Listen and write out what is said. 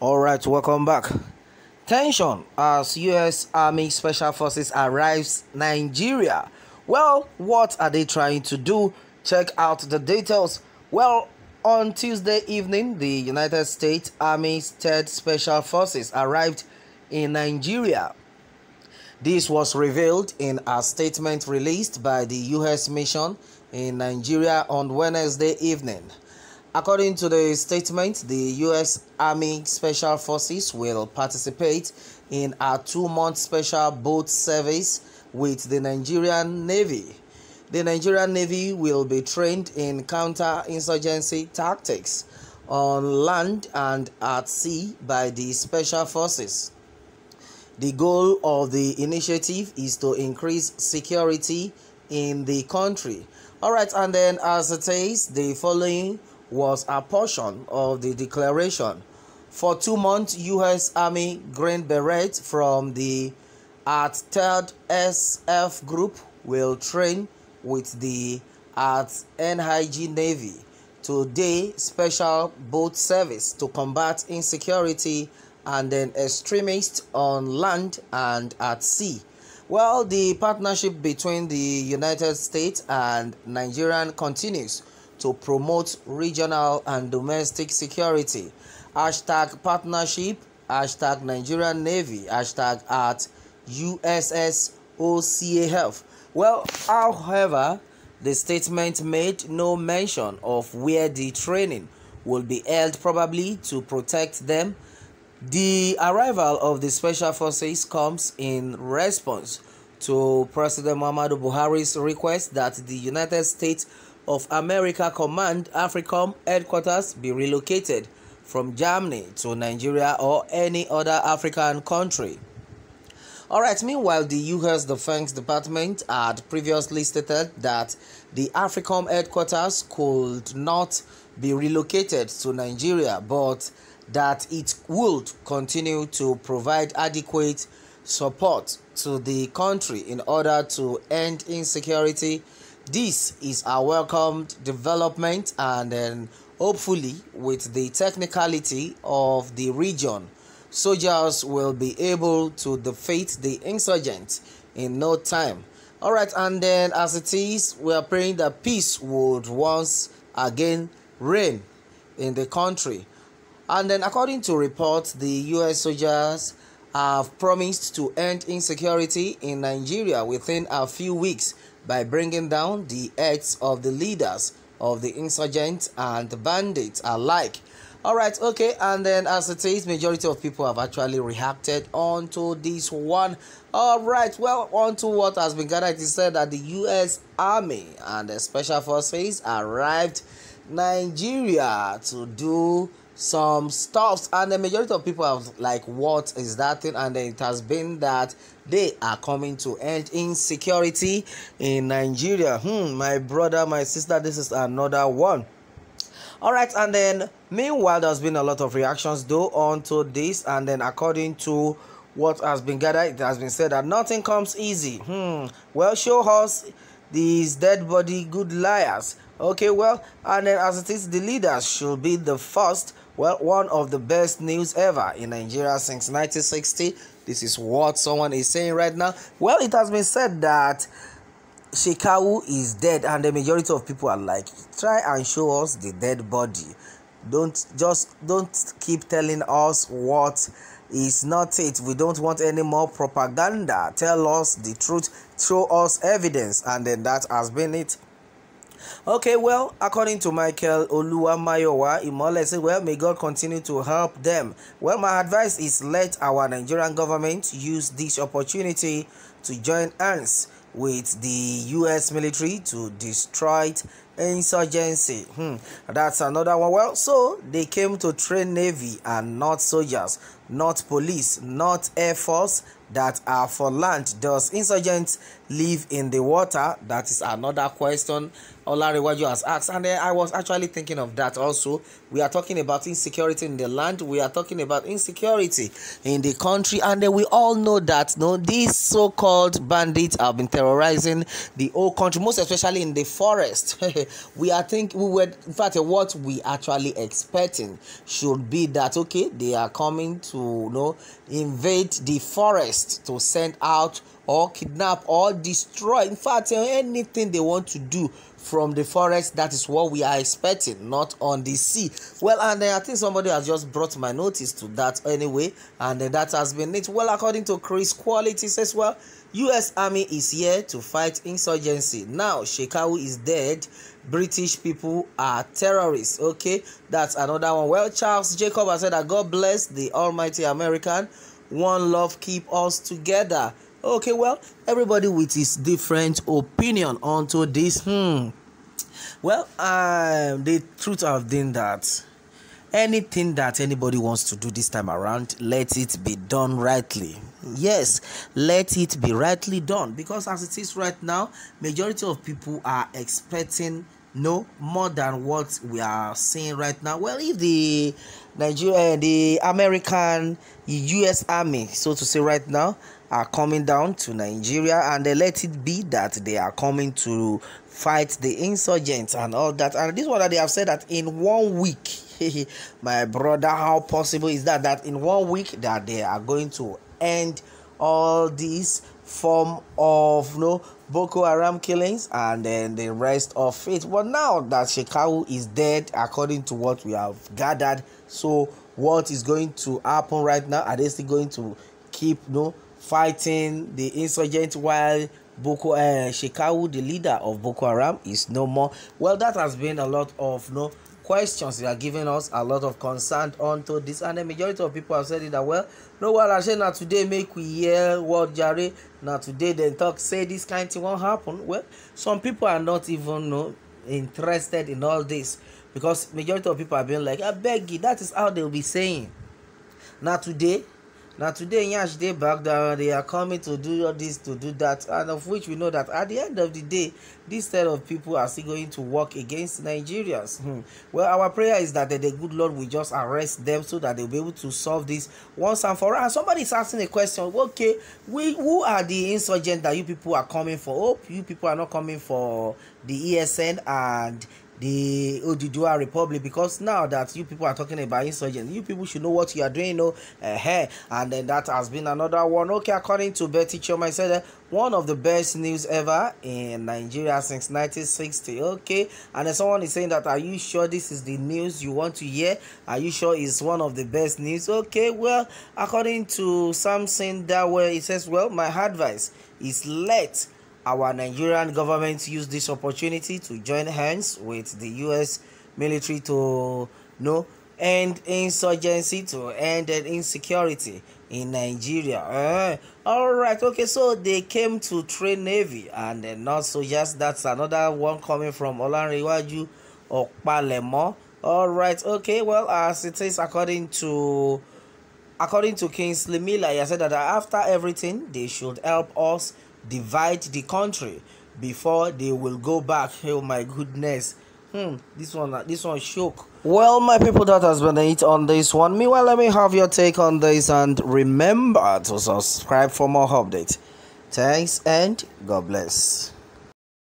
All right, welcome back. Tension as US Army Special Forces arrives Nigeria. Well, what are they trying to do? Check out the details. Well, on Tuesday evening, the United States Army's 3rd Special Forces arrived in Nigeria. This was revealed in a statement released by the US mission in Nigeria on Wednesday evening. According to the statement, the U.S. Army Special Forces will participate in a two month special boat service with the Nigerian Navy. The Nigerian Navy will be trained in counter insurgency tactics on land and at sea by the Special Forces. The goal of the initiative is to increase security in the country. All right, and then as it is, the following was a portion of the declaration for two months, U.S. Army Green Beret from the at 3rd SF Group will train with the at NIG Navy today special boat service to combat insecurity and then extremists on land and at sea. Well, the partnership between the United States and Nigerian continues to promote regional and domestic security. Hashtag partnership, hashtag Nigerian Navy, hashtag at USSOCAF. Well, however, the statement made no mention of where the training will be held, probably to protect them. The arrival of the special forces comes in response to President Muhammadu Buhari's request that the United States of America Command AFRICOM headquarters be relocated from Germany to Nigeria or any other African country. Alright, meanwhile, the U.S. Defense Department had previously stated that the AFRICOM headquarters could not be relocated to Nigeria, but that it would continue to provide adequate support to the country in order to end insecurity this is a welcomed development and then hopefully with the technicality of the region, soldiers will be able to defeat the insurgents in no time. All right, and then as it is, we are praying that peace would once again reign in the country. And then, according to reports, the US soldiers have promised to end insecurity in Nigeria within a few weeks by bringing down the heads of the leaders of the insurgents and bandits alike. All right, okay, and then as it is, majority of people have actually reacted onto this one. All right, well, onto what has been gathered, it is said that the U.S. Army and the Special Forces arrived Nigeria to do some stuffs and the majority of people have like what is that thing and it has been that they are coming to end insecurity in nigeria hmm my brother my sister this is another one all right and then meanwhile there's been a lot of reactions though onto this and then according to what has been gathered it has been said that nothing comes easy hmm well show us these dead body good liars Okay, well, and then as it is, the leaders should be the first, well, one of the best news ever in Nigeria since 1960. This is what someone is saying right now. Well, it has been said that Shekau is dead, and the majority of people are like, try and show us the dead body. Don't just don't keep telling us what is not it. We don't want any more propaganda. Tell us the truth, show us evidence, and then that has been it. Okay, well, according to Michael Oluwamayowa Imole, said, well, may God continue to help them. Well, my advice is let our Nigerian government use this opportunity to join hands with the U.S. military to destroy insurgency. Hmm, that's another one. Well, so they came to train Navy and not soldiers. not police, not air force that are for land. Does insurgents live in the water? That is another question Olariwaju has asked. And eh, I was actually thinking of that also. We are talking about insecurity in the land. We are talking about insecurity in the country. And eh, we all know that no, these so-called bandits have been terrorizing the whole country, most especially in the forest. we are thinking. we were in fact what we actually expecting should be that okay, they are coming to to you know invade the forest to send out or kidnap or destroy in fact anything they want to do from the forest that is what we are expecting not on the sea well and i think somebody has just brought my notice to that anyway and that has been it well according to chris quality says well U.S. Army is here to fight insurgency. Now, Shekau is dead. British people are terrorists. Okay, that's another one. Well, Charles Jacob has said that God bless the almighty American. One love keep us together. Okay, well, everybody with his different opinion onto this. Hmm. Well, uh, the truth of been that anything that anybody wants to do this time around let it be done rightly yes let it be rightly done because as it is right now majority of people are expecting no more than what we are seeing right now well if the nigeria the american us army so to say right now are coming down to Nigeria and let it be that they are coming to fight the insurgents and all that. And this one that they have said that in one week, my brother, how possible is that that in one week that they are going to end all these form of you no know, Boko Haram killings and then the rest of it. But now that Shekau is dead, according to what we have gathered, so what is going to happen right now? Are they still going to keep you no know, fighting the insurgents while Boko uh, eh, Shekau, the leader of Boko Haram, is no more. Well, that has been a lot of you no know, questions they are giving us a lot of concern onto this, and the majority of people have said it that well. No, well, I say now today make we hear what Jerry now today then talk say this kind thing won't happen. Well, some people are not even you know, interested in all this because majority of people have been like, I beg you, that is how they'll be saying. Now today Now today Nyash they back down, they are coming to do all this, to do that, and of which we know that at the end of the day, this set of people are still going to work against Nigerians. Hmm. Well, our prayer is that the, good Lord will just arrest them so that they'll be able to solve this once and for all. Somebody is asking a question, okay, we, who are the insurgents that you people are coming for? Hope oh, you people are not coming for the ESN and the Oduduwa Republic because now that you people are talking about insurgents, you people should know what you are doing, you know, uh, eh, hey, eh, and then that has been another one. Okay, according to Betty Choma, I said uh, one of the best news ever in Nigeria since 1960. Okay, and then someone is saying that, are you sure this is the news you want to hear? Are you sure it's one of the best news? Okay, well, according to that, Dawe, it says, well, my advice is let our Nigerian government used this opportunity to join hands with the US military to no end insurgency to end insecurity in Nigeria. Uh, all right, okay, so they came to train navy and uh, not just That's another one coming from Olanrewaju Okpalemo. All right, okay, well, as it is according to according to Kingsley Miller, he said that after everything, they should help us divide the country before they will go back. Oh my goodness. Hmm, this one, uh, this one shook. Well, my people, that has been it on this one. Meanwhile, let me have your take on this and remember to subscribe for more updates. Thanks and God bless.